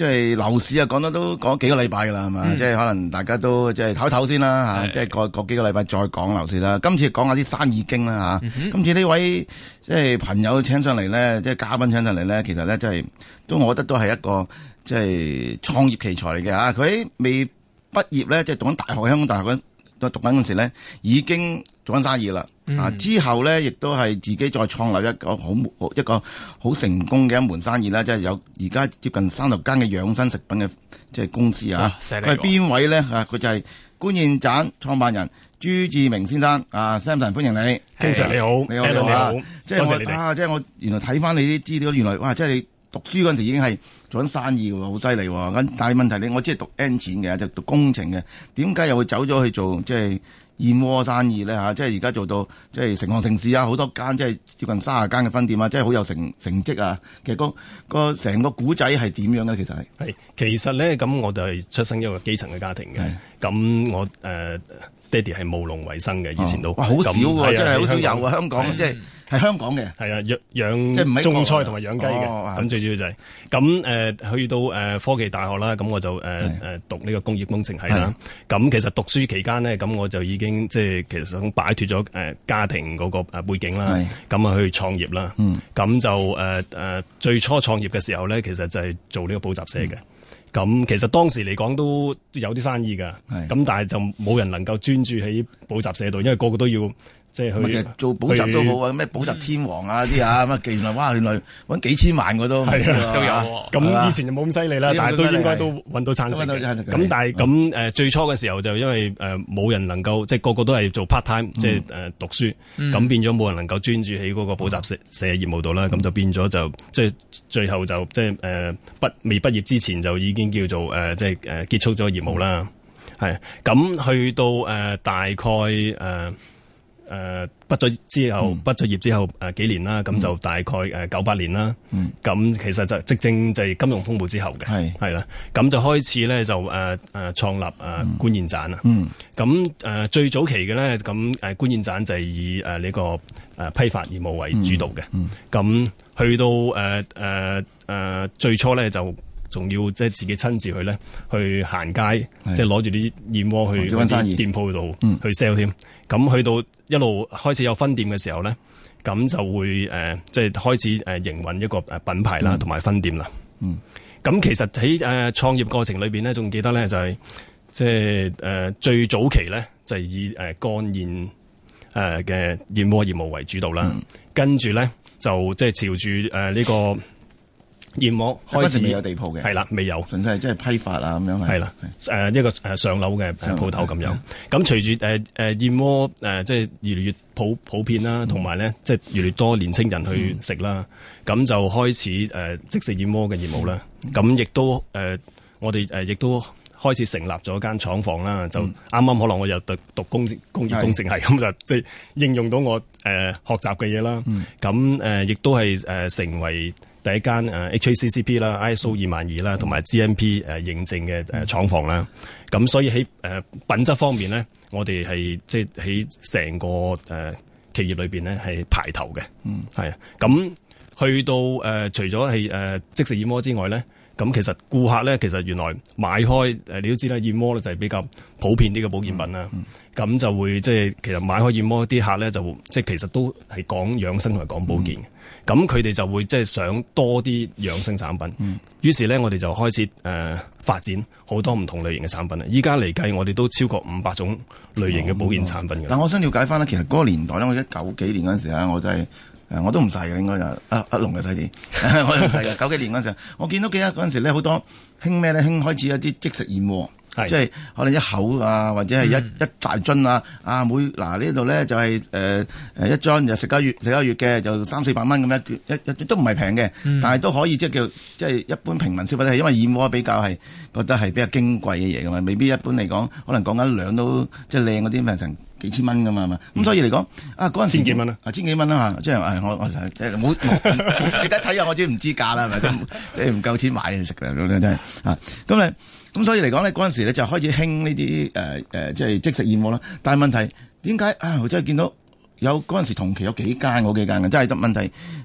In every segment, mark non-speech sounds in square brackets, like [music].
即係樓市啊，講得都講幾個禮拜㗎啦，係、嗯、嘛？即係可能大家都即係唞唞先啦，即係過，過幾個禮拜再講樓市啦。今次講下啲生意經啦、啊嗯、今次呢位即係朋友請上嚟呢，即係嘉賓請上嚟呢，其實呢，即係都，我覺得都係一個即係創業奇才嚟嘅，佢未畢業呢，即係讀緊大學，香港大學都讀緊嗰時呢，已經。做緊生意啦，嗯，啊之後咧，亦都係自己再創立一個好一個好成功嘅一門生意啦，即係有而家接近三十間嘅養生食品嘅即係公司啊。佢係邊、哦、位咧？啊，佢就係官燕棧創辦人朱志明先生。啊，Samson 歡迎你。經常你好，你好，Alan, 你好、啊、你好即係我謝謝啊，即係我原來睇翻你啲資料，原來哇，即係讀書嗰陣時已經係做緊生意喎，好犀利喎。咁但係問題你，我即係讀 engine 嘅，就是、讀工程嘅，點解又會走咗去做即係？燕窩生意呢吓，即係而家做到即係成行成市啊！好多間即係接近三十間嘅分店啊，即係好有成成績啊！其實個成個古仔係點樣呢？其實係係其實呢咁，我就係出生一個基層嘅家庭嘅。咁我誒。呃爹哋係務農為生嘅，以前都哇好少喎，真係好少有啊！香港即係係香港嘅，係啊，養養即係唔係種菜同埋養雞嘅。咁最主要就係咁誒，去到誒科技大學啦，咁我就誒誒讀呢個工業工程系啦。咁其實讀書期間咧，咁我就已經即係其實想擺脱咗誒家庭嗰個誒背景啦，咁啊去創業啦。咁就誒誒最初創業嘅時候咧，其實就係做呢個補習社嘅。咁其實當時嚟講都有啲生意㗎，係。咁但係就冇人能夠專注喺補習社度，因為個個都要。即係佢做補習都好補習啊，咩補習天王啊，啲啊，咁啊原來哇原來搵幾千萬個都，係啊都有。咁以前就冇咁犀利啦，但係都應該都搵到餐食。咁但係咁誒最初嘅時候就因為誒冇、呃、人能夠即係個個都係做 part time，、嗯、即係誒、呃、讀書，咁、嗯、變咗冇人能夠專注喺嗰個補習社業務度啦。咁、嗯、就變咗就即係最後就即係誒畢未畢業之前就已經叫做誒、呃、即係誒結束咗業務啦。係、嗯、咁去到誒、呃、大概誒。呃誒、呃、畢咗之後畢咗業之後誒、嗯、幾年啦，咁就大概誒九八年啦。咁、嗯、其實就即正，就係金融風暴之後嘅，係啦。咁就開始咧就誒誒創立誒官燕棧啦。咁、嗯、誒、嗯、最早期嘅咧，咁誒官燕棧就係以誒呢個誒批發業務為主導嘅。咁、嗯嗯、去到誒誒誒最初咧就。仲要即係自己親自去咧，去行街，是即係攞住啲燕窩去啲店鋪度去 sell 添。咁、嗯嗯、去到一路開始有分店嘅時候咧，咁就會即係開始誒營運一個品牌啦，同埋分店啦。嗯，咁、嗯、其實喺誒創業過程裏面咧，仲記得咧就係即係最早期咧就係以誒乾燕誒嘅燕窩業務為主導啦、嗯。跟住咧就即係朝住誒呢個。燕窩開始有地鋪嘅係啦，未有純粹係即係批發啊咁樣係啦，誒、呃、一個誒上樓嘅鋪頭咁樣。咁隨住誒誒燕窩誒即係越嚟越普普遍啦，同埋咧即係越嚟越多年輕人去食啦，咁、嗯、就開始誒、呃、即食燕窩嘅業務啦。咁、嗯、亦都誒、呃、我哋誒亦都開始成立咗一間廠房啦。就啱啱可能我又讀讀工工業工程系咁就即係應用到我誒、呃、學習嘅嘢啦。咁誒亦都係誒、呃、成為。第一間誒 HACCP 啦、ISO 二萬二啦，同埋 GMP 誒認證嘅誒廠房啦，咁所以喺誒品質方面咧，我哋係即係喺成個誒企業裏邊咧係排頭嘅，嗯，係啊，咁去到誒除咗係誒即食燕窩之外咧。咁其實顧客咧，其實原來買開，你都知啦，燕窩咧就係比較普遍啲嘅保健品啦。咁、嗯嗯、就會即係其實買開燕窩啲客咧，就即係其實都係講養生同埋講保健嘅。咁佢哋就會即係想多啲養生產品。嗯、於是咧，我哋就開始誒、呃、發展好多唔同類型嘅產品啦。依家嚟計，我哋都超過五百種類型嘅保健產品嘅、嗯嗯。但我想了解翻咧，其實嗰個年代咧，我一九幾年嗰陣時我就係。我都唔細嘅，應該就阿阿龍嘅細子， [laughs] 我都唔細嘅。九 [laughs] 幾年嗰陣時，我見到記得嗰陣時咧，好多興咩咧？興開始一啲即食燕窩。是即係可能一口啊，或者係一、嗯、一大樽啊，啊每嗱呢度咧就係、是、誒、呃、一樽就食個月食個月嘅，就三四百蚊咁樣一元元一,一,一都唔係平嘅，但係都可以即係叫即係一般平民消費，係因為燕窩比較係覺得係比較矜貴嘅嘢噶嘛，未必一般嚟講，可能講緊兩都即係靚嗰啲咪成幾千蚊噶嘛，嘛、嗯？咁所以嚟講啊，嗰陣時千幾蚊啊,啊千幾蚊啦即係我我即係冇你睇睇下，我都唔 [laughs] 知價啦，係咪即係唔夠錢買嚟食㗎，真係咁你。啊咁所以嚟講呢，嗰陣時呢就開始興呢啲誒即係即食燕窩啦。但係問題點解啊？我真係見到有嗰陣時同期有幾間，我幾間嘅，真係得問題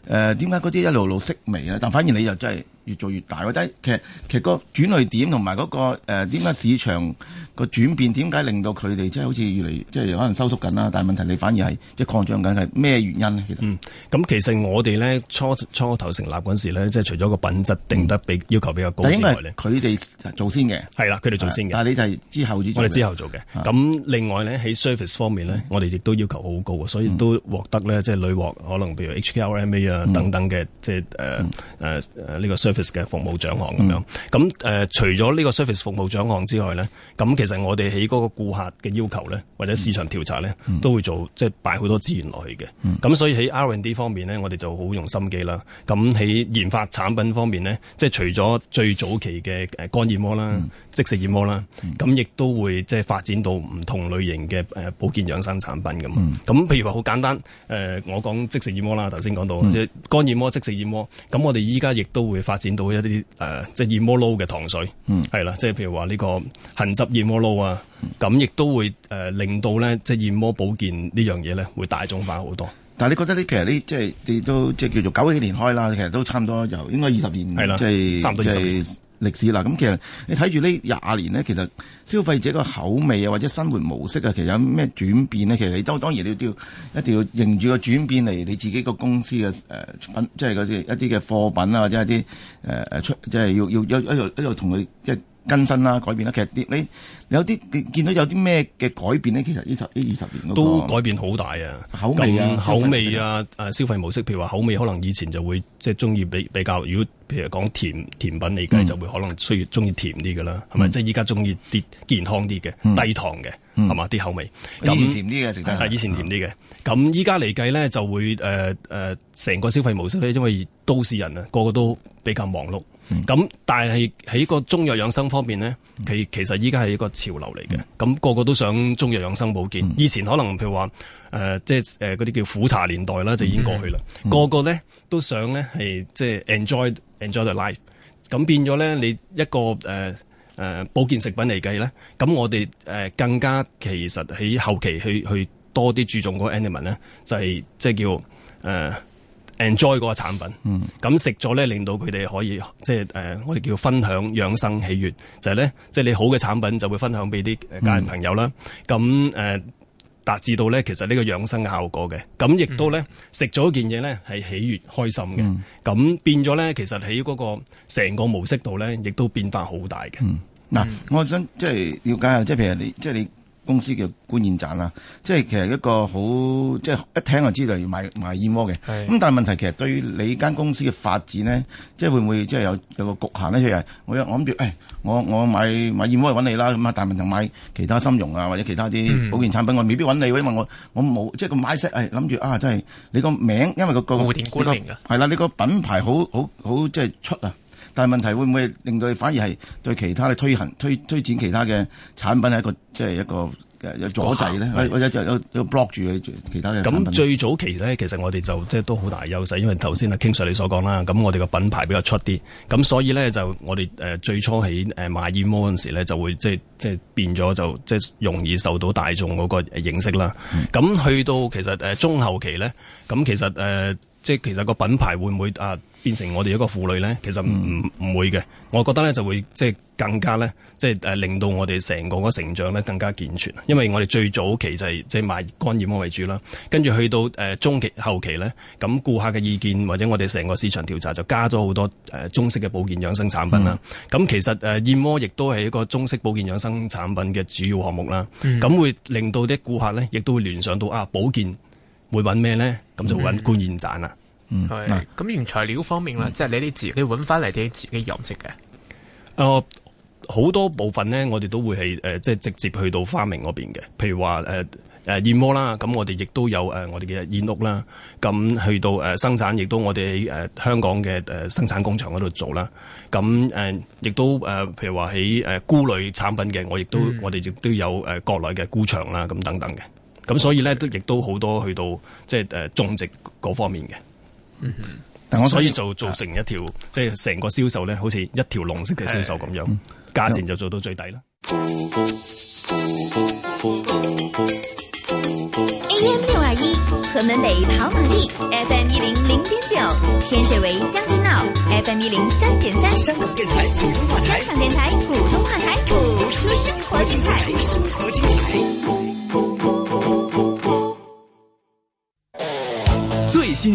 誒？點解嗰啲一路路式微啊？但反而你又真係。越做越大喎，但係其實其實個轉捩點同埋嗰個誒點解市場個轉變，點解令到佢哋即係好似越嚟越即係可能收縮緊啦？但係問題你反而係即係擴張緊係咩原因呢？其實咁、嗯、其實我哋咧初初頭成立嗰陣時咧，即係除咗個品質定得比、嗯、要求比較高之外咧，佢哋做先嘅係啦，佢哋做先嘅，但係你就係之後我哋之後做嘅。咁、啊、另外咧喺 service 方面咧，我哋亦都要求好高啊，所以都獲得咧、嗯、即係屢獲可能譬如 HKRMA 啊等等嘅即係誒誒誒呢個 service 嘅服務獎項咁樣，咁、嗯、誒、呃、除咗呢個 service 服務獎項之外咧，咁其實我哋喺嗰個顧客嘅要求咧，或者市場調查咧、嗯，都會做即係擺好多資源落去嘅。咁、嗯、所以喺 R and D 方面咧，我哋就好用心機啦。咁喺研發產品方面咧，即係除咗最早期嘅乾燕窩啦。嗯嗯即食燕窩啦，咁亦都會即係發展到唔同類型嘅保健養生產品咁。咁、嗯、譬如話好簡單，我講即食燕窩啦，頭先講到即、嗯、乾燕窩、即食燕窩。咁我哋依家亦都會發展到一啲誒、呃、即燕窩露嘅糖水，係、嗯、啦，即係譬如話呢個杏汁燕窩露啊。咁亦都會令到咧即燕窩保健呢樣嘢咧會大眾化好多。但你覺得呢？其實呢即係都即係叫做九幾年開啦，其實都差唔多就應該二十年，即係差唔多二十年。就是歷史啦，咁其實你睇住呢廿年呢，其實消費者個口味啊，或者生活模式啊，其實有咩轉變呢？其實你都當然你都要一定要迎住個轉變嚟你自己個公司嘅誒品，即係嗰啲一啲嘅貨品啊，或者一啲誒誒出，即係要要一一路一路同佢即係。更新啦、啊，改變啦、啊，其實啲你，你有啲見到有啲咩嘅改變咧？其實呢十呢二十年、嗰個、都改變好大啊！口味啊，口味啊，消費模式、啊，譬如話口味，可能以前就會即係中意比比較，比如果譬如講甜甜品來，嚟、嗯、計就會可能需要中意甜啲嘅啦，係、嗯、咪？即係依家中意啲健康啲嘅、嗯，低糖嘅係嘛啲口味。咁甜啲嘅食係以前甜啲嘅，咁依家嚟計咧就會誒成、呃呃、個消費模式咧，因為都市人啊，個個都比較忙碌。咁、嗯，但係喺個中藥養生方面咧、嗯，其其實依家係一個潮流嚟嘅。咁、嗯、個個都想中藥養生保健、嗯。以前可能譬如話誒、呃，即係誒嗰啲叫苦茶年代啦、嗯，就已經過去啦、嗯。個個咧都想咧係即係 enjoy enjoy the life。咁變咗咧，你一個誒誒、呃、保健食品嚟計咧，咁我哋誒更加其實喺後期去去多啲注重嗰個 animal 咧，就係即係叫誒。Enjoy 嗰個產品，咁食咗咧，令到佢哋可以即係誒，我、就、哋、是呃、叫分享養生喜悅，就係、是、咧，即、就、係、是、你好嘅產品就會分享俾啲家人朋友啦。咁誒達至到咧，其實呢個養生嘅效果嘅，咁亦都咧食咗件嘢咧係喜悅開心嘅。咁、嗯、變咗咧，其實喺嗰個成個模式度咧，亦都變化好大嘅。嗱、嗯嗯啊，我想即係了解下，即係譬如你，即、就、係、是、你。公司叫官燕棧啦，即係其實一個好，即係一聽就知道要買買燕窩嘅。咁是的 但係問題其實對於你間公司嘅發展呢，即係會唔會即係有有個局限咧？即係我我諗住，誒我我買買燕窩去揾你啦。咁啊，但係問題買其他金融啊或者其他啲保健產品，嗯、我未必揾你，因為我我冇即係個買色誒諗住啊，真係你個名，因為、那個個個係啦，你個品牌好好好，好，好即係出啊。但係問題會唔會令到佢反而係對其他嘅推行推推展其他嘅產品係一個即係一個誒阻滯咧？或者就有有 block 住其他嘅產品呢。咁最早期呢，咧，其實我哋就即係都好大優勢，因為頭先 King Sir 你所講啦。咁我哋個品牌比較出啲，咁所以咧就我哋、呃、最初喺誒買燕窩嗰陣時咧，就會即係即係變咗就即係容易受到大眾嗰個認識啦。咁、嗯、去到其實、呃、中後期咧，咁其實誒、呃、即係其實個品牌會唔會啊？變成我哋一個婦女咧，其實唔唔會嘅、嗯，我覺得咧就會即係更加咧，即係、啊、令到我哋成個個成長咧更加健全。因為我哋最早期就係、是、即係賣乾燕窩為主啦，跟住去到、呃、中期後期咧，咁顧客嘅意見或者我哋成個市場調查就加咗好多、呃、中式嘅保健養生產品啦。咁、嗯、其實、呃、燕窩亦都係一個中式保健養生產品嘅主要項目啦。咁、嗯、會令到啲顧客咧，亦都會聯想到啊，保健會揾咩咧？咁就揾官燕棧啦。嗯嗯，係咁原材料方面咧、嗯，即係你哋自你搵翻嚟，你自己飲食嘅。哦、呃，好多部分咧，我哋都會係誒，即、呃、係直接去到花明嗰邊嘅。譬如話誒誒燕窩啦，咁我哋亦都有誒、呃、我哋嘅燕屋啦。咁去到誒、呃、生產，亦都我哋喺誒香港嘅誒、呃、生產工廠嗰度做啦。咁誒亦都誒、呃，譬如話喺誒菇類產品嘅，我亦都、嗯、我哋亦都有誒、呃、國內嘅菇場啦，咁等等嘅。咁所以咧，哦、也都亦都好多去到即係誒種植嗰方面嘅。嗯，但我所以做做成一條、啊，即係成個銷售咧，好似一條龍式嘅銷售咁樣，價、嗯、錢就做到最低啦、嗯嗯。AM 六二一，河門北跑馬地，FM 一零零點九，天水圍將軍澳，FM 一零三點三，香港電台普通話台，香港電台普通話台，播出生活精彩。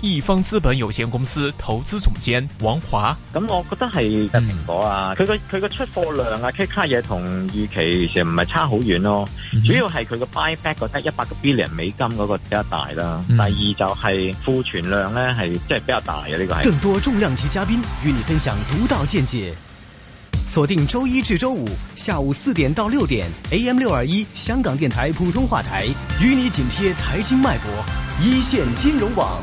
億方資本有限公司投資總監王華，咁我覺得係、嗯、蘋果啊，佢個佢個出貨量啊，其他嘢同預期其實唔係差好遠咯、哦嗯，主要係佢個 buyback 嗰筆一百個 billion 美金嗰個比較大啦、嗯，第二就係庫存量咧係即係比較大嘅、啊、呢、這個係。更多重量級嘉賓與你分享獨到見解，鎖定周一至周五下午四點到六點，AM 六二一香港電台普通話台，與你緊貼財經脈搏，一線金融網。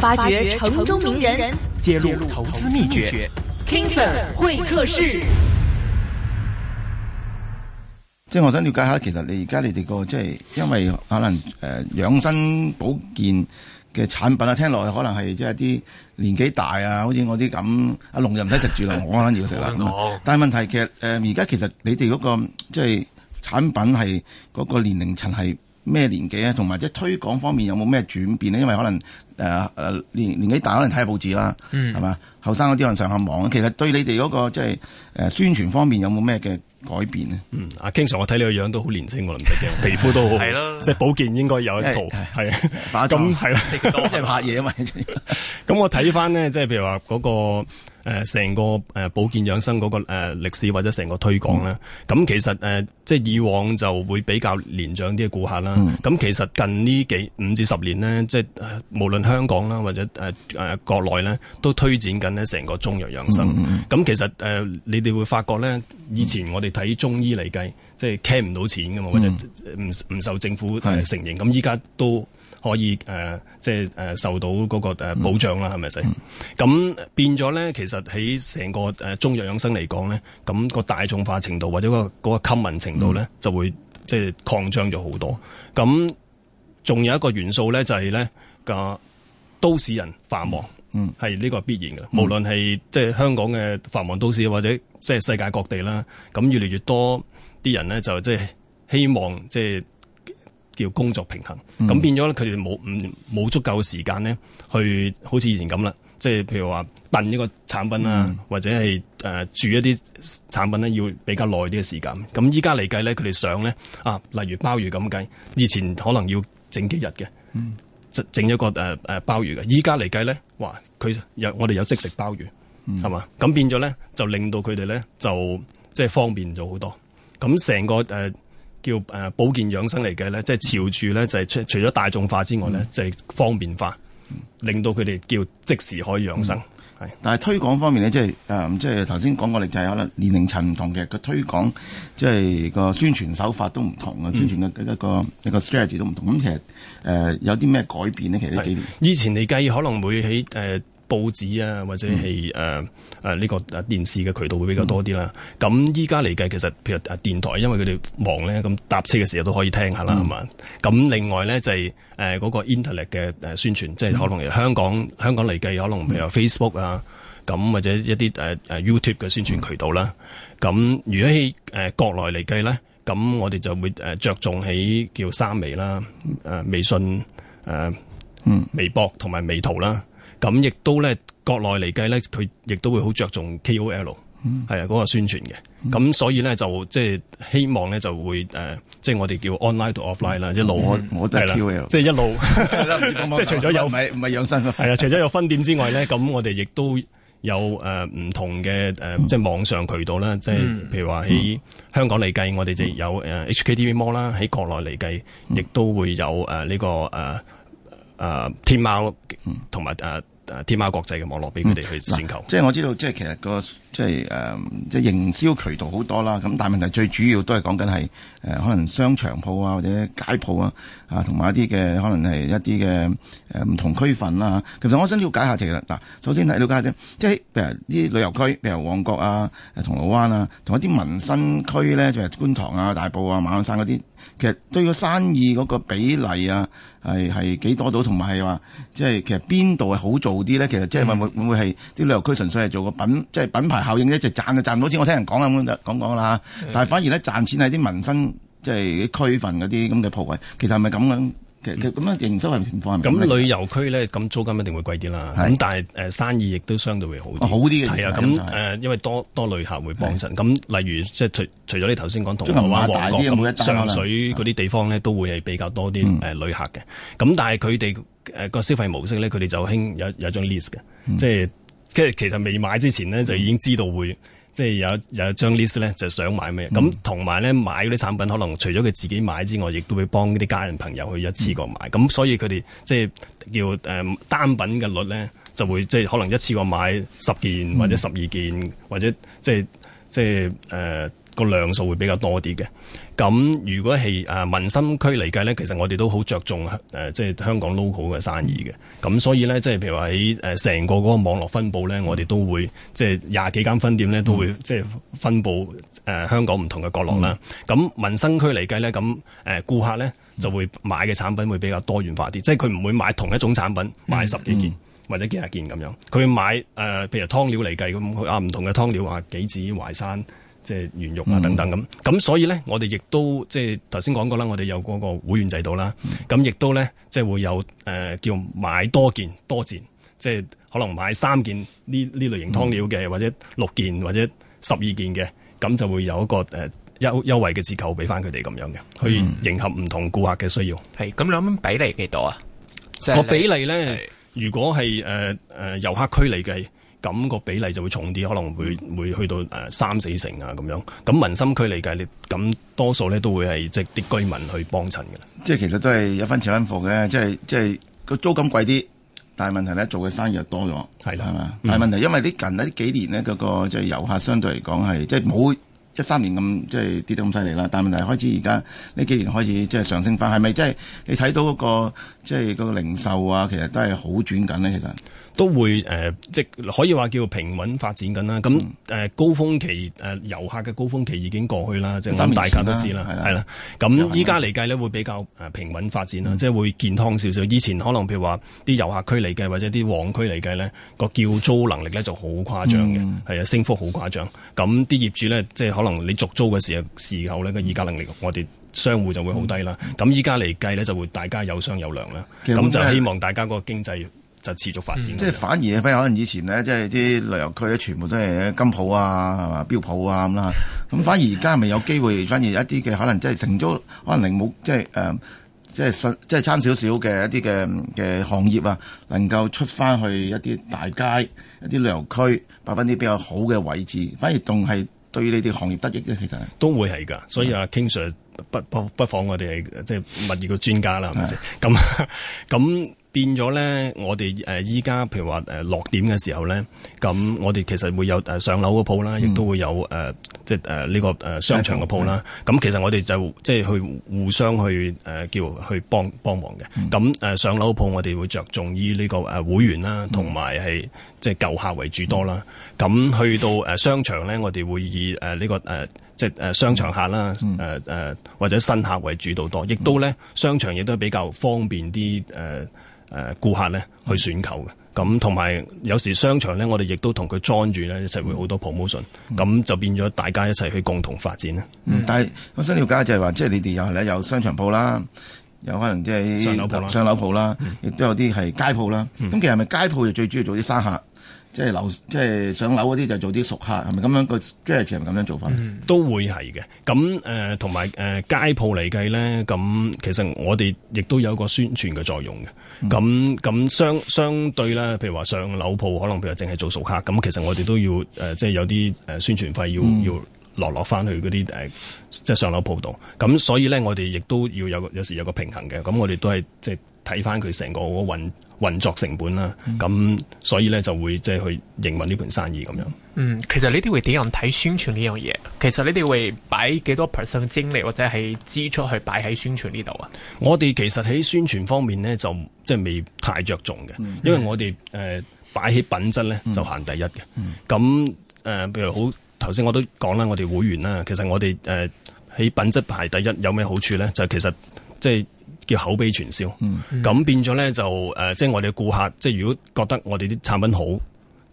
發掘城中名人，揭露投資秘訣。King Sir, King Sir 會客室，即係我想了解下，其實你而家你哋、嗰個即係，因為可能誒養、呃、生保健嘅產品是是 [laughs] 等等啊，聽落去可能係即係啲年紀大啊，好似我啲咁，阿龍又唔使食住啦，我反而要食啦。但係問題其實誒而家其實你哋嗰、嗰個即係產品係嗰個年齡層係。咩年紀啊？同埋即係推廣方面有冇咩轉變咧？因為可能誒、呃、年年紀大可能睇下報紙啦，係、嗯、嘛？後生嗰啲可能上下網。其實對你哋嗰、那個即係、就是呃、宣傳方面有冇咩嘅改變咧？嗯啊，啊 King Sir 我睇你個樣都好年輕喎，唔使驚，皮膚都好，係 [laughs] 咯，即、就、係、是、保健應該有一套係啊。咁係咯，即係、 [laughs] 就是、拍嘢啊嘛。咁 [laughs] [laughs] 我睇翻呢，即、就、係、是、譬如話嗰、那個。誒，成個誒保健養生嗰個誒歷史或者成個推廣啦。咁、嗯、其實誒即係以往就會比較年長啲嘅顧客啦。咁、嗯、其實近呢幾五至十年咧，即係無論香港啦或者誒誒國內咧，都推展緊咧成個中藥養生。咁、嗯嗯、其實誒你哋會發覺咧，以前我哋睇中醫嚟計，即係 claim 唔到錢噶嘛，或者唔唔受政府誒承認。咁依家都。可以誒、呃，即係誒、呃、受到嗰個保障啦，係咪先？咁、嗯、變咗咧，其實喺成個誒、呃、中藥養生嚟講咧，咁、嗰個大眾化程度或者個嗰個吸引程度咧、嗯，就會即係擴張咗好多。咁、嗯、仲有一個元素咧，就係咧個都市人繁忙，係、嗯、呢個必然嘅、嗯。無論係即係香港嘅繁忙都市，或者即係世界各地啦，咁越嚟越多啲人咧，就即係希望即係。叫工作平衡，咁、嗯、變咗咧，佢哋冇唔冇足夠嘅時間咧，去好似以前咁啦，即係譬如話燉一個產品啊、嗯，或者係誒煮一啲產品咧，要比較耐啲嘅時間。咁依家嚟計咧，佢哋上咧啊，例如鮑魚咁計，以前可能要整幾日嘅，整、嗯、整一個誒誒鮑魚嘅。依家嚟計咧，哇，佢有我哋有即食鮑魚，係、嗯、嘛？咁變咗咧，就令到佢哋咧就即係方便咗好多。咁成個誒。呃叫誒保健養生嚟計咧，即係朝住咧就係除除咗大眾化之外咧、嗯，就係、是、方便化，令到佢哋叫即時可以養生。係、嗯，但係推廣方面咧，即係誒即係頭先講過嚟就係可能年齡層唔同嘅，個推廣即係個宣傳手法都唔同嘅、嗯，宣傳嘅一個一個 strategy 都唔同。咁其實誒、呃、有啲咩改變呢？其實呢幾年，以前嚟計可能會喺誒。呃報紙啊，或者係誒誒呢個電視嘅渠道會比較多啲啦。咁依家嚟計，其實譬如誒電台，因為佢哋忙咧，咁搭車嘅時候都可以聽下啦，係、嗯、嘛？咁另外咧就係、是、嗰、呃那個 internet 嘅宣傳、嗯，即係可能香港香港嚟計，可能譬如 Facebook 啊，咁、嗯、或者一啲、呃、YouTube 嘅宣傳渠道啦。咁、嗯、如果喺誒、呃、國內嚟計咧，咁我哋就會着重喺叫三微啦、呃，微信誒、呃嗯、微博同埋微圖啦。咁亦都咧，國內嚟計咧，佢亦都會好着重 KOL，係、嗯、啊，嗰、那個宣傳嘅。咁、嗯、所以咧，就即、是、係希望咧、呃，就會即係我哋叫 online to offline 啦、嗯，一路我我係 KOL 即係一路，即 [laughs] 係 [laughs] 除咗有唔係養生，啊， [laughs] 除咗有分店之外咧，咁我哋亦都有誒唔、呃、同嘅即係網上渠道啦，即、嗯、係、就是、譬如話喺香港嚟計，嗯、我哋就有 HKTV Mall 啦，喺國內嚟計，亦、嗯、都會有誒呢、呃這個誒。呃誒，天貓，嗯，同埋誒。Uh 誒，天貓國際嘅網絡俾佢哋去選購、嗯，即係我知道，即係其實、那個即係誒，即係、嗯、營銷渠道好多啦。咁但係問題最主要都係講緊係誒，可能商場鋪啊，或者街鋪啊，啊，同埋一啲嘅可能係一啲嘅誒唔同區份啦、啊。其實我想了解下，其實嗱，首先睇了解下啫，即係譬如啲旅遊區，譬如旺角啊、銅鑼灣啊，同一啲民生區咧，就係觀塘啊、大埔啊、馬鞍山嗰啲，其實對個生意嗰個比例啊，係係幾多到，同埋係話即係其實邊度係好做？啲咧，其實即係會唔會，會唔會係啲旅遊區純粹係做個品，即係品牌效應咧，就賺嘅賺到錢。好似我聽人講咁講講啦嚇，但係反而咧賺錢係啲民生即係區份嗰啲咁嘅鋪位，其實係咪咁樣？其實咁啊，營收嘅情況係咪？咁旅遊區咧，咁租金一定會貴啲啦。咁但係誒生意亦都相對會好啲。係啊，咁誒因為多多旅客會幫襯。咁例如即係除除咗你頭先講台灣、黃岡、上水嗰啲地方咧，都會係比較多啲誒旅客嘅。咁但係佢哋誒個消費模式咧，佢哋就興有有一張 list 嘅，即係即係其實未買之前咧，就已經知道會即係有有一張 list 咧，就想買咩咁。同埋咧，買嗰啲產品可能除咗佢自己買之外，亦都會幫啲家人朋友去一次過買。咁、嗯、所以佢哋即係叫誒單品嘅率咧，就會即係可能一次過買十件或者十二件、嗯，或者即係即係誒個量數會比較多啲嘅。咁如果係誒、啊、民生區嚟計咧，其實我哋都好着重誒、呃、即係香港 local 嘅生意嘅。咁所以咧，即係譬如話喺成個嗰個網絡分佈咧、嗯，我哋都會即係廿幾間分店咧、嗯，都會即係分佈誒、呃、香港唔同嘅角落啦。咁、嗯、民生區嚟計咧，咁、呃、誒顧客咧就會買嘅產品會比較多元化啲、嗯，即係佢唔會買同一種產品買十幾件、嗯、或者幾廿件咁樣。佢買誒、呃、譬如湯料嚟計咁，佢啊唔同嘅湯料啊，杞子淮山。即係圓肉啊，等等咁，咁、嗯、所以咧，我哋亦都即係頭先講過啦，我哋有嗰個會員制度啦，咁、嗯、亦都咧，即係會有誒、呃、叫買多件多件，即係可能買三件呢呢類型湯料嘅、嗯，或者六件或者十二件嘅，咁就會有一個誒優優惠嘅折扣俾翻佢哋咁樣嘅，去迎合唔同顧客嘅需要。係、嗯、咁，兩樣比例幾多啊？那個比例咧，如果係誒誒遊客區嚟嘅。咁、嗰個比例就會重啲，可能會會去到誒三四成啊咁樣。咁民生區嚟計，你咁多數咧都會係即係啲居民去幫襯嘅。即係其實都係一分錢一分貨嘅，即係即係個租金貴啲，但係問題咧做嘅生意又多咗，係啦，係嘛？但、嗯、係問題因為啲近呢啲幾年呢，嗰個就係遊客相對嚟講係即係冇。就是一三年咁即係跌到咁犀利啦，但係問題開始而家呢幾年開始即係上升翻，係咪即係你睇到嗰個即係嗰個零售啊，其實都係好轉緊咧？其實都會、呃、即係可以話叫平穩發展緊啦。咁、呃、高峰期誒、呃、遊客嘅高峰期已經過去啦，即係大家都知啦，係啦、啊。咁依家嚟計咧會比較平穩發展啦，即係會健康少少。以前可能譬如話啲遊客區嚟計或者啲旺區嚟計咧，個叫租能力咧就好誇張嘅，係、嗯、啊，升幅好誇張。咁啲業主咧即係可能。你續租嘅時候，時候咧個議價能力，我哋商戶就會好低啦。咁依家嚟計呢，就會大家有商有量啦。咁就希望大家個經濟就持續發展、嗯。即係反而，譬如可能以前呢，即係啲旅遊區咧，全部都係金舖啊，係咪？標舖啊咁啦。咁反而而家咪有機會， [laughs] 反而有一啲嘅可能即係成租，可能冇即係誒，即係、呃、即係差少少嘅一啲嘅嘅行業啊，能夠出翻去一啲大街、一啲旅遊區，擺翻啲比較好嘅位置，反而仲係。對於你哋行業得益嘅，其實是都會係噶。所以阿 King Sir 不不不,不妨我哋係即係物業嘅專家啦，係咪先？咁 [laughs] 咁。變咗咧，我哋誒依家譬如話落點嘅時候咧，咁我哋其實會有上樓嘅鋪啦，亦、嗯、都會有、呃、即係呢個商場嘅鋪啦。咁其實我哋就即係去互相去、呃、叫去幫，幫忙嘅。咁、嗯、上樓鋪我哋會着重於呢個誒會員啦，同埋係即係舊客為主多啦。咁、嗯、去到商場咧，我哋會以呢個、呃、即係商場客啦、嗯呃，或者新客為主道多，多。亦都咧商場亦都比較方便啲。誒顧客咧去選購嘅，咁同埋有時商場咧，我哋亦都同佢裝住咧一齊會好多 promotion，咁、嗯、就變咗大家一齊去共同發展啦、嗯嗯。但係我想了解就係話，即係你哋又係咧有商場鋪啦，有可能即係上樓鋪啦，亦、嗯、都有啲係街鋪啦。咁、嗯、其實係咪街鋪就最主要做啲生客？即係樓，即係上樓嗰啲就做啲熟客，係咪咁樣個 strategy 係咁樣做法、嗯、都會係嘅。咁誒，同埋誒街鋪嚟計咧，咁其實我哋亦都有一個宣傳嘅作用嘅。咁、嗯、咁相相對啦，譬如話上樓鋪可能，譬如淨係做熟客，咁其實我哋都要誒、呃，即係有啲誒宣傳費要、嗯、要落落翻去嗰啲誒，即係上樓鋪度。咁所以咧，我哋亦都要有有時有個平衡嘅。咁我哋都係即係睇翻佢成個個運運作成本啦，咁、嗯、所以咧就會即係、就是、去營運呢盤生意咁樣。嗯，其實你哋會點樣睇宣傳呢樣嘢？其實你哋會擺幾多 percent 精力或者係支出去擺喺宣傳呢度啊？我哋其實喺宣傳方面呢，就即、是、係未太着重嘅、嗯嗯，因為我哋誒擺起品質咧就行第一嘅。咁、嗯、誒，譬、嗯呃、如好頭先我都講啦，我哋會員啦，其實我哋誒喺品質排第一有咩好處咧？就其實即係。叫口碑傳銷，咁、嗯嗯、變咗咧就誒、呃，即係我哋顧客，即係如果覺得我哋啲產品好，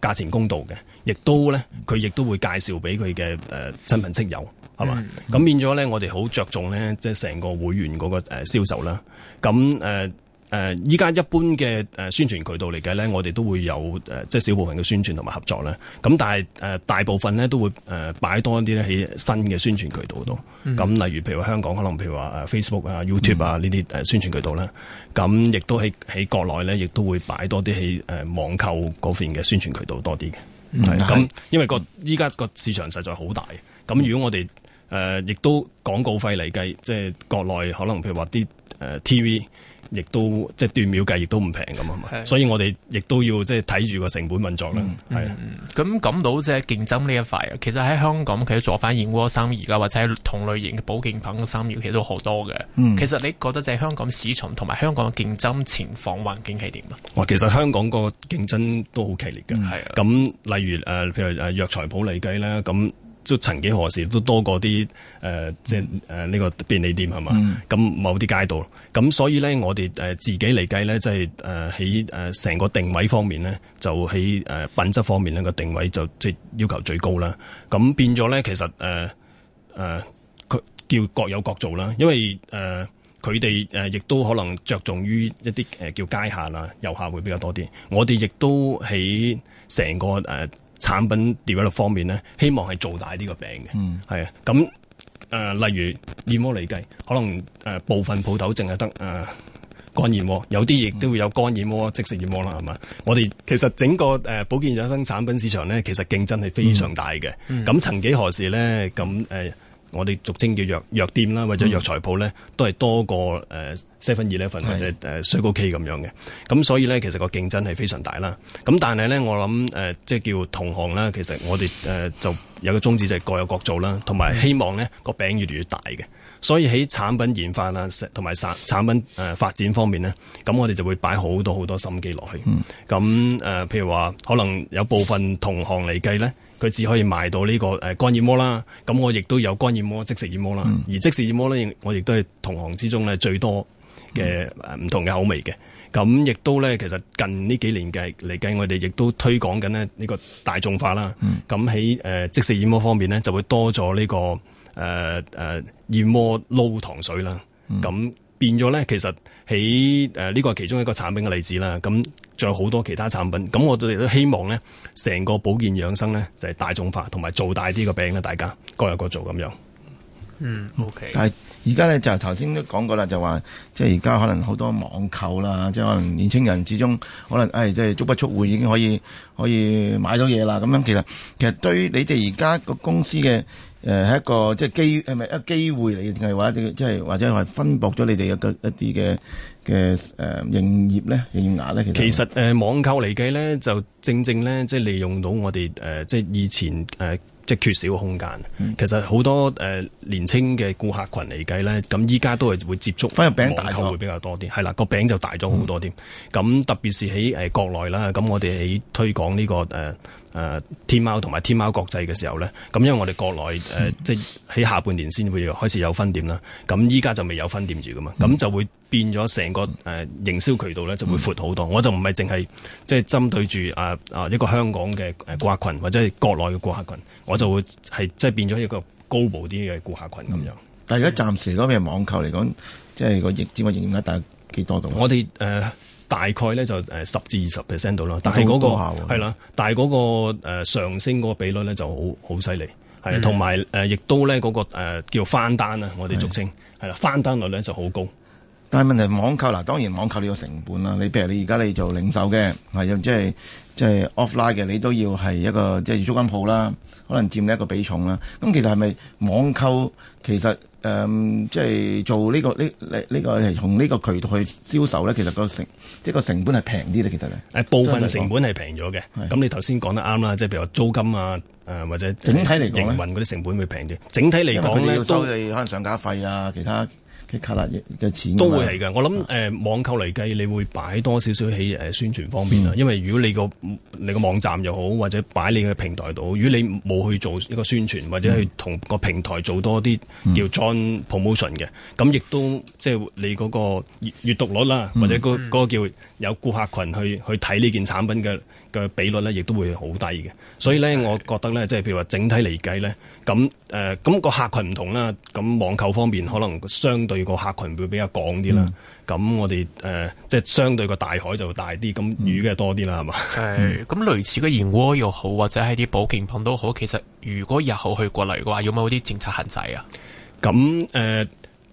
價錢公道嘅，亦都咧佢亦都會介紹俾佢嘅誒親朋戚友，係嘛？咁、嗯嗯、變咗咧，我哋好着重咧，即係成個會員嗰個誒銷售啦，咁誒。呃誒依家一般嘅宣傳渠道嚟計咧，我哋都會有、呃、即係小部分嘅宣傳同埋合作呢。咁但係誒、呃、大部分咧都會誒擺、呃、多啲咧喺新嘅宣傳渠道度。咁、嗯、例如譬如香港可能譬如話 Facebook 啊、YouTube 啊呢啲宣傳渠道呢，咁亦都喺喺國內咧，亦都會擺多啲喺誒網購嗰邊嘅宣傳渠道多啲嘅。咁、嗯，因為個依家個市場實在好大。咁如果我哋誒亦都廣告費嚟計，即係國內可能譬如話啲、呃、TV。亦都即係斷秒計，亦都唔平咁啊嘛，所以我哋亦都要即係睇住個成本運作啦。係、嗯、啊、嗯、咁、嗯、講、嗯、到即係競爭呢一塊啊，其實喺香港，其實做翻燕窩生意家，或者同類型嘅保健品嘅生意，其實都好多嘅。嗯、其實你覺得就係香港市場同埋香港嘅競爭情況環境係點啊？哇、嗯，其實香港個競爭都好激烈嘅，係啊。咁例如誒、呃，譬如誒藥材鋪嚟計啦。咁、呃。都曾幾何時都多過啲誒，即係誒呢個便利店係嘛？咁、嗯、某啲街道，咁所以咧，我哋誒自己嚟計咧，即係誒喺誒成個定位方面咧，就喺誒品質方面咧，個定位就即係要求最高啦。咁變咗咧，其實誒誒佢叫各有各做啦，因為誒佢哋誒亦都可能着重於一啲誒叫街客啦、遊客會比較多啲。我哋亦都喺成個誒。呃產品調喺度方面呢，希望係做大呢個餅嘅，係、嗯、啊。咁誒、呃，例如燕窩嚟計，可能誒、呃、部分鋪頭淨係得誒乾、呃、燕窩，有啲亦都會有乾燕窩、即食燕窩啦，係嘛？我哋其實整個誒、呃、保健養生產品市場呢，其實競爭係非常大嘅。咁、嗯、曾幾何時呢？咁、呃、誒。我哋俗稱叫藥藥店啦，或者藥材鋪咧，嗯、都係多過誒 Seven-Eleven、呃、或者、呃、水高 K 咁樣嘅。咁所以咧，其實個競爭係非常大啦。咁但係咧，我諗、呃、即係叫同行啦。其實我哋、呃、就有個宗旨，就係各有各做啦，同埋希望咧個餅越嚟越大嘅。所以喺產品研發啦同埋產品誒、呃、發展方面咧，咁我哋就會擺好多好多心機落去。咁、嗯、誒、呃，譬如話，可能有部分同行嚟計咧。佢只可以賣到呢個誒乾燕窩啦，咁我亦都有乾燕窩即食燕窩啦、嗯，而即食燕窩咧，我亦都係同行之中咧最多嘅唔同嘅口味嘅。咁亦都咧，其實近呢幾年嘅嚟計，我哋亦都推廣緊呢個大眾化啦。咁喺誒即食燕窩方面咧，就會多咗呢個誒誒燕窩撈糖水啦。咁變咗咧，其實喺誒呢個係其中一個產品嘅例子啦。咁仲有好多其他產品，咁我哋都希望咧，成個保健養生咧就係大眾化，同埋做大啲個餅啦。大家各有各做咁樣。嗯，OK。但係而家咧就頭先都講過啦，就話即係而家可能好多網購啦，即係可能年青人始終可能誒，即係足不出戶已經可以可以買到嘢啦。咁樣其實其實對於你哋而家個公司嘅。誒係一個即係機誒唔係一個機會嚟嘅，定係或者即係或者係分薄咗你哋嘅一啲嘅嘅誒營業咧營業額咧。其實誒、呃、網購嚟計咧，就正正咧即係利用到我哋誒、呃、即係以前誒、呃、即係缺少嘅空間。嗯、其實好多誒、呃、年輕嘅顧客群嚟計咧，咁依家都係會接觸。反而餅大咗會比較多啲。係啦，個餅就大咗好多添。咁、嗯、特別是喺誒國內啦，咁我哋喺推廣呢、呢個誒。呃誒、呃，天貓同埋天貓國際嘅時候咧，咁因為我哋國內、呃、即係喺下半年先會開始有分店啦。咁依家就未有分店住噶嘛，咁就會變咗成個誒、呃、營銷渠道咧就會闊好多、嗯。我就唔係淨係即係針對住啊、呃、一個香港嘅顧客群或者係國內嘅顧客群，我就會係即變咗一個高部啲嘅顧客群咁、嗯、樣。但係而家暫時嗰邊網購嚟講，即係個營業額，只我幾多度？我哋誒、呃、大概咧就誒十至二十 percent 到啦，但係嗰、那個啦、啊，但係嗰、那個、呃、上升嗰個比率咧就好好犀利，係同埋誒亦都咧嗰、那個誒、呃、叫做翻單啊！我哋俗稱係啦，翻單率咧就好高，但係問題網購嗱，當然網購呢個成本啦，你譬如你而家你做零售嘅係要即係。即、就、係、是、offline 嘅，你都要係一個即係、就是、租金鋪啦，可能佔你一個比重啦。咁其實係咪網購其實誒即係做呢、這個呢呢呢個係從呢、這個、個渠道去銷售咧？其實個成即、就是、成本係平啲咧，其實咧誒部分成本係平咗嘅。咁、就是、你頭先講得啱啦，即係譬如話租金啊，或者整體嚟營運嗰啲成本會平啲。整體嚟講咧，都可能上架費啊，其他。卡啦嘅錢都會係嘅、啊，我諗誒、呃、網購嚟計，你會擺多少少喺宣傳方面啊、嗯？因為如果你個你個網站又好，或者擺你嘅平台度，如果你冇去做一個宣傳，嗯、或者去同個平台做多啲、嗯、叫 join promotion 嘅，咁亦都即係你嗰個閱讀率啦，嗯、或者嗰個叫。嗯那個叫有顧客群去去睇呢件產品嘅嘅比率呢，亦都會好低嘅。所以呢，我覺得呢，即係譬如話整體嚟計呢，咁誒咁個客群唔同啦。咁網購方面可能相對個客群會比較廣啲啦。咁、嗯、我哋誒、呃、即係相對個大海就會大啲。咁魚嘅多啲啦，係、嗯、嘛？係。咁類似嘅燕窩又好，或者係啲保健品都好，其實如果日後去國內嘅話，有冇啲政策限制啊？咁誒、呃、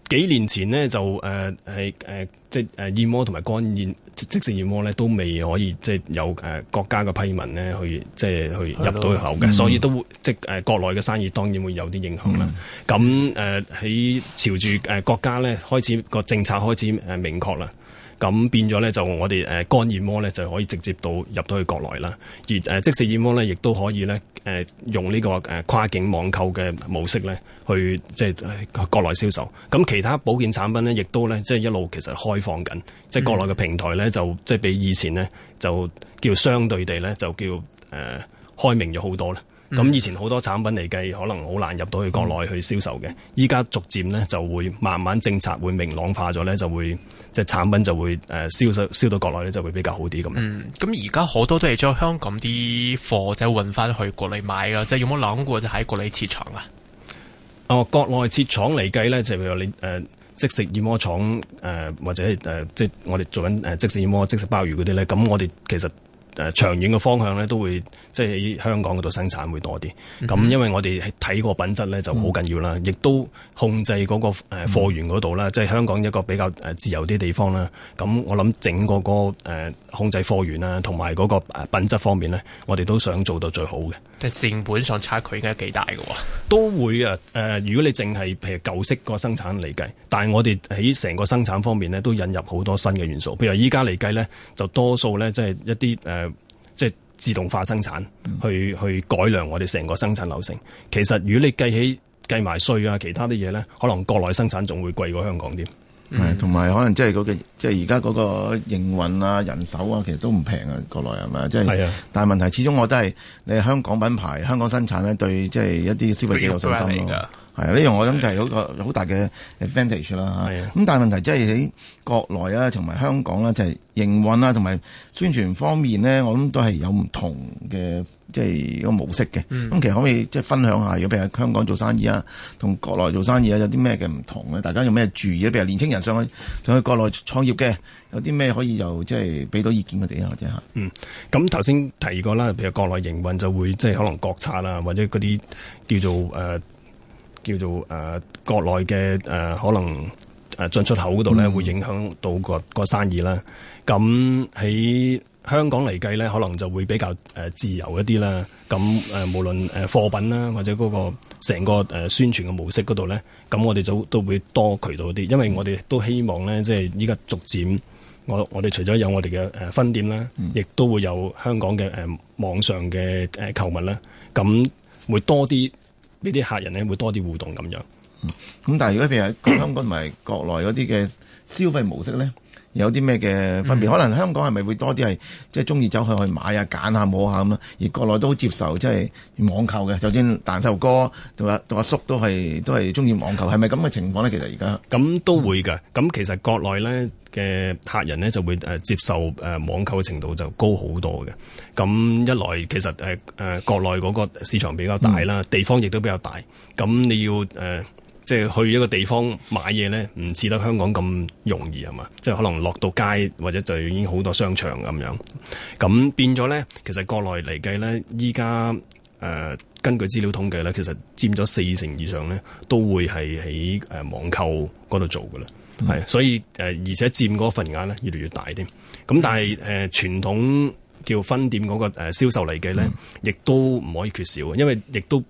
幾年前呢，就誒係誒。即係誒燕窩同埋乾燕，即即食燕窩咧，都未可以即係有誒、呃、國家嘅批文咧，去即係去入到口嘅，所以都、嗯、即係、呃、國內嘅生意當然會有啲影響啦。咁誒喺朝住誒國家咧開始個政策開始誒明確啦。咁變咗咧，就我哋乾燕窩呢，咧，就可以直接到入到去國內啦。而即食燕窩咧，亦都可以咧用呢個跨境網購嘅模式咧，去即係國內銷售。咁其他保健產品咧，亦都咧即係一路其實開放緊，即、嗯、係國內嘅平台咧，就即係比以前咧就叫相對地咧就叫誒開明咗好多啦。咁、嗯、以前好多產品嚟計，可能好難入到去國內去銷售嘅。依、嗯、家逐漸呢，就會慢慢政策會明朗化咗咧，就會即係、就是、產品就會誒銷售銷到國內咧就會比較好啲咁。嗯，咁而家好多都係將香港啲貨就運翻去國內買噶，即係有冇諗過喺國內設廠啊？哦，國內設廠嚟計咧，就譬如你即食燕窩廠或者誒即我哋做緊即食燕窩、即食鮑魚嗰啲咧，咁我哋其實。誒長遠嘅方向咧，都會即係喺香港嗰度生產會多啲。咁因為我哋睇個品質咧就好緊要啦，亦都控制嗰個誒貨源嗰度啦，即係香港一個比較誒自由啲地方啦。咁我諗整個個誒控制貨源啊，同埋嗰個品質方面咧，我哋都想做到最好嘅。嘅成本上差距應該幾大嘅喎，都會啊、呃、如果你淨係譬如舊式個生產嚟計，但係我哋喺成個生產方面咧，都引入好多新嘅元素。譬如依家嚟計咧，就多數咧即係一啲誒，即、呃、係、就係、自動化生產去去改良我哋成個生產流程。其實如果你計起計埋稅啊其他啲嘢咧，可能國內生產仲會貴過香港添。誒，同埋可能即係嗰個，即係而家嗰個營運啊、人手啊，其實都唔平啊，國內係咪啊？即係，但係問題始終我都係你香港品牌、香港生產咧，對即係一啲消費者有信心咯。係啊！呢樣我諗就係嗰個好大嘅 advantage 啦嚇。咁但係問題即係喺國內啊，同埋香港咧，就係營運啦，同埋宣傳方面呢，我諗都係有唔同嘅，即係一個模式嘅。咁、嗯、其實可唔可以即係分享下，如果譬如香港做生意啊，同國內做生意啊，有啲咩嘅唔同咧？大家有咩注意？譬如年青人上去上去國內創業嘅，有啲咩可以又即係俾到意見我哋啊？或者嚇？嗯，咁頭先提過啦，譬如國內營運就會即係可能國產啊，或者嗰啲叫做誒。呃叫做誒、呃、國內嘅誒、呃、可能誒、呃、進出口嗰度咧，會影響到、個個生意啦。咁、嗯、喺香港嚟計咧，可能就會比較、呃、自由一啲啦。咁誒、呃、無論誒貨品啦，或者嗰個成個誒、呃、宣傳嘅模式嗰度咧，咁我哋都都會多渠道啲，因為我哋都希望咧，即係依家逐漸，我我哋除咗有我哋嘅分店啦，亦、嗯、都會有香港嘅誒、呃、網上嘅誒購物啦，咁會多啲。呢啲客人咧會多啲互動咁樣，嗯，咁但係如果譬如喺香港同埋國內嗰啲嘅消費模式咧，有啲咩嘅分別，嗯？可能香港係咪會多啲係即係中意走去去買啊、揀下、摸下咁咯？而國內都接受即係網購嘅、嗯，就算大壽哥同阿同阿叔都係都係中意網購，係咪咁嘅情況咧？其實而家咁都會㗎。咁、嗯、其實國內咧嘅客人呢，就會接受誒網購嘅程度就高好多嘅。咁一來其實誒誒、呃、國內嗰個市場比較大啦、嗯，地方亦都比較大。咁你要誒。呃即係去一個地方買嘢咧，唔似得香港咁容易係嘛，即係可能落到街或者就已經好多商場咁樣，咁變咗咧，其實國內嚟計咧，依家誒根據資料統計咧，其實佔咗四成以上咧，都會係喺誒網購嗰度做㗎喇，係、嗯，所以誒、呃、而且佔嗰個份額咧越嚟越大啲，咁但係誒傳統叫分店嗰、嗰個誒銷、呃、售嚟計咧，亦都唔可以缺少，因為亦都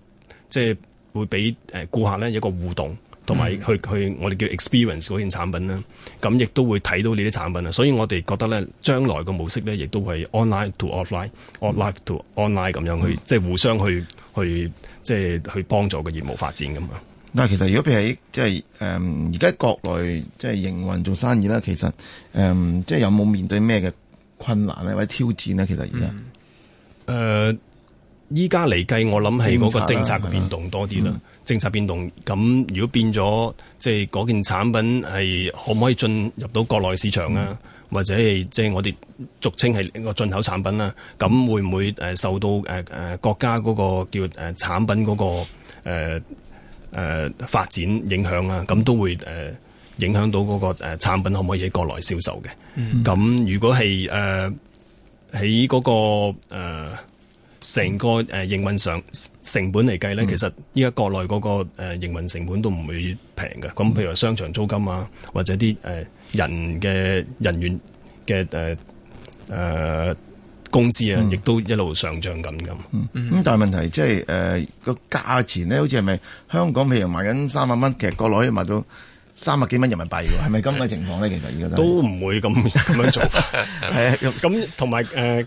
即係。會俾誒顧客咧一個互動，同埋去、嗯、去我哋叫 experience 嗰件產品咧，咁亦都會睇到你啲產品啊。所以我哋覺得咧，將來個模式咧，亦都係 online to offline，online、嗯、to online 咁樣去，即、嗯、係互相去去即係去幫助個業務發展咁啊。但係其實如果譬如喺即係誒而家國內即係營運做生意啦，其實誒、嗯、即係有冇面對咩嘅困難咧？或者挑戰咧？其實而家誒。呃依家嚟計，我諗係嗰個政策嘅變動多啲啦。政策，啊嗯、政策變動，咁如果變咗，即係嗰件產品係可唔可以進入到國內市場啊？嗯、或者係即係我哋俗稱係一個進口產品啦、啊。咁會唔會受到誒、呃呃、國家嗰個叫產品嗰、嗰個、呃呃、發展影響啊？咁都會、呃、影響到嗰、嗰個產、呃、產品可唔可以喺國內銷售嘅？咁、嗯、如果係誒喺嗰個、呃成個誒營運上成本嚟計咧，其實依家國內嗰、那個誒營運成本都唔會平嘅。咁譬如話商場租金啊，或者啲誒、呃、人嘅人員嘅誒誒工資啊，亦、嗯、都一路上漲緊咁咁。咁、嗯嗯嗯、但係問題即係誒個價錢咧，好似係咪香港譬如賣緊三百蚊，其實國內可以賣到三百幾蚊人民幣，係咪咁嘅情況咧？其實而家都唔會咁咁 [laughs] 樣做。係 [laughs] 啊、 [laughs] 嗯，咁同埋誒。呃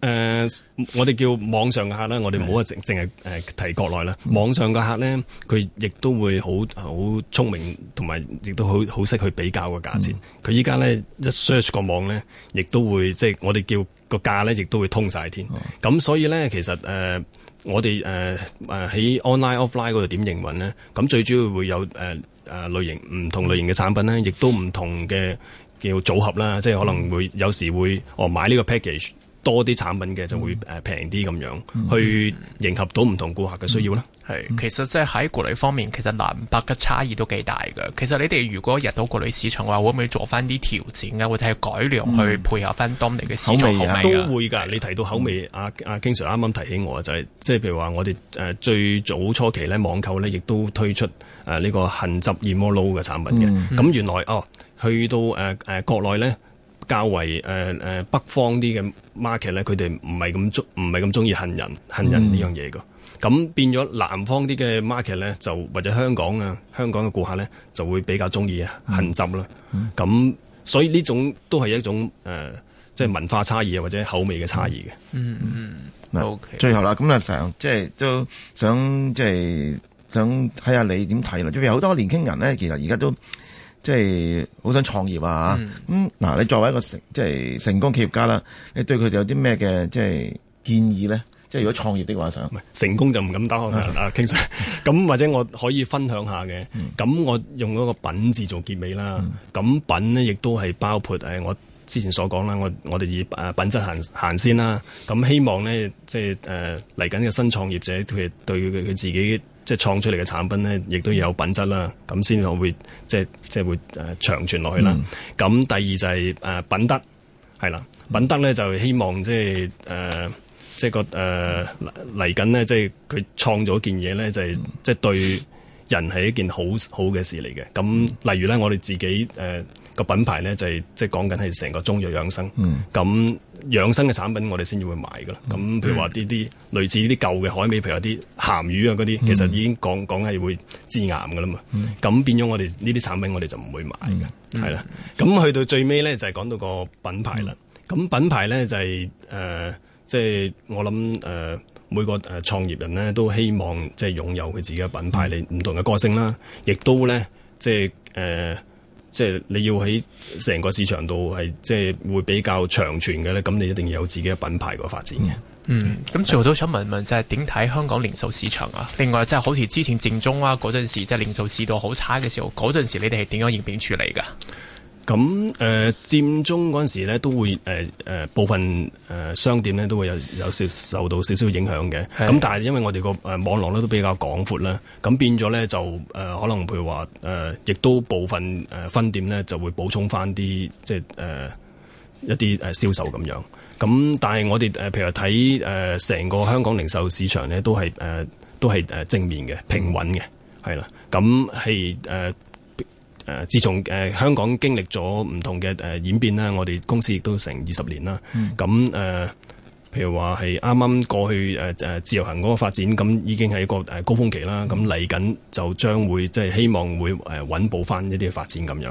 誒、uh，我哋叫網上嘅客咧，我哋唔好淨淨係誒提國內啦。網上嘅客咧，佢亦都會好好聰明，同埋亦都好好識去比較個價錢。佢依家咧一 search 個網咧，亦都會即係我哋叫個價咧，亦都會通晒天。咁、哦、所以咧，其實誒，uh, 我哋誒誒喺 online offline 嗰度點營運咧，咁最主要會有誒誒、uh, 類型唔同類型嘅產品咧，亦都唔同嘅叫組合啦，即係可能會有時會哦買呢個 package。多啲產品嘅、嗯、就會平啲咁樣，去迎合到唔同顧客嘅需要啦、嗯嗯。其實即係喺國內方面，其實南北嘅差異都幾大㗎。其實你哋如果入到國內市場，嘅話會唔會做翻啲調整啊，會睇下改良去配合翻當地嘅市場、嗯、口味,、啊口味,啊口味啊、都會㗎。你提到口味，嗯、啊啊 King Sir 啱啱提起我就係即係譬如話我哋最早初期咧，網購咧亦都推出誒呢個杏汁燕窩撈嘅產品嘅。咁、嗯嗯、原來哦，去到誒誒國內咧。較為誒、呃呃、北方啲嘅 market 咧，佢哋唔係咁中唔係咁中意杏仁杏仁呢樣嘢嘅。咁、嗯、變咗南方啲嘅 market 咧，就或者香港啊香港嘅顧客咧，就會比較中意啊杏汁啦。咁、嗯、所以呢種都係一種誒，即、呃、係、即係、文化差異啊，或者口味嘅差異嘅。嗯嗯。O K。最後啦，咁啊想即係都想即係想睇下你點睇啦。特別好多年輕人咧，其實而家都。即係好想創業啊！咁、嗯、嗱，你作為一個成即係、就是、成功企業家啦，你對佢哋有啲咩嘅即係建議咧？即、就、係、是、如果創業的話想，想成功就唔敢打開、嗯、啊！King Sir，咁或者我可以分享一下嘅。咁、嗯、我用嗰個品字做結尾啦。咁、嗯、品呢亦都係包括誒，我之前所講啦，我我哋以品質行行先啦。咁希望咧，即係誒嚟緊嘅新創業者佢對佢自己。即係創出嚟嘅產品咧，亦都要有品質啦，咁先至會即係即係會誒長存落去啦。咁、嗯、第二就係誒品德係啦，品德咧就希望即係誒即係個誒嚟緊咧，即係佢、呃呃嗯、創咗件嘢咧、就是嗯，就係即係對人係一件好好嘅事嚟嘅。咁例如咧，我哋自己誒個品牌咧就係、是、即係講緊係成個中藥養生，咁、嗯。養生嘅產品，我哋先至會買噶啦。咁譬如話啲啲類似啲舊嘅海味，譬如有啲鹹魚啊嗰啲，其實已經講講係會致癌噶啦嘛。咁變咗我哋呢啲產品，我哋就唔會買嘅，係、嗯、啦。咁、嗯、去到最尾咧，就係、是、講到個品牌啦。咁品牌咧就係、是、誒，即、呃、係、就是、我諗誒、呃、每個誒創業人咧都希望即係擁有佢自己嘅品牌，你唔同嘅個性啦，亦都咧即係誒。就是呃即係你要喺成個市場度係，即係會比較長存嘅咧。咁你一定要有自己嘅品牌個發展嘅。嗯，咁做到想問一問，就係點睇香港零售市場啊？另外，即係好似之前正宗啊嗰陣時，即係零售市道好差嘅時候，嗰陣時你哋係點樣應變處理噶？咁誒、呃、佔中嗰陣時咧，都會誒、呃呃、部分商店咧都會有有少受到少少影響嘅。咁但係因為我哋個網絡咧都比較廣闊啦，咁變咗咧就可能譬如話、呃、亦都部分誒分店咧就會補充翻啲即係誒、呃、一啲誒銷售咁樣。咁但係我哋、呃、譬如睇誒成個香港零售市場咧、呃，都係誒都係正面嘅平穩嘅，係、嗯、啦。咁係誒。誒，自從誒香港經歷咗唔同嘅誒演變咧，我哋公司亦都成二十年啦。咁、嗯、誒，譬如話係啱啱過去誒誒自由行嗰個發展，咁已經係一個誒高峰期啦。咁嚟緊就將會即係、就是、希望會誒穩保翻一啲嘅發展咁樣。